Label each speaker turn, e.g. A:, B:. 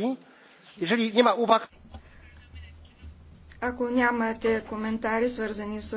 A: kwestii.
B: Jeżeli nie ma uwag...
C: Ако нямате коментари, свързани с